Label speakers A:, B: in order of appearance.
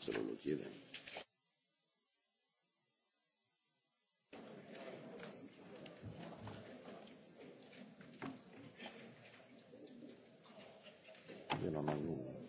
A: se non lo chiede.
B: Io non ho nulla.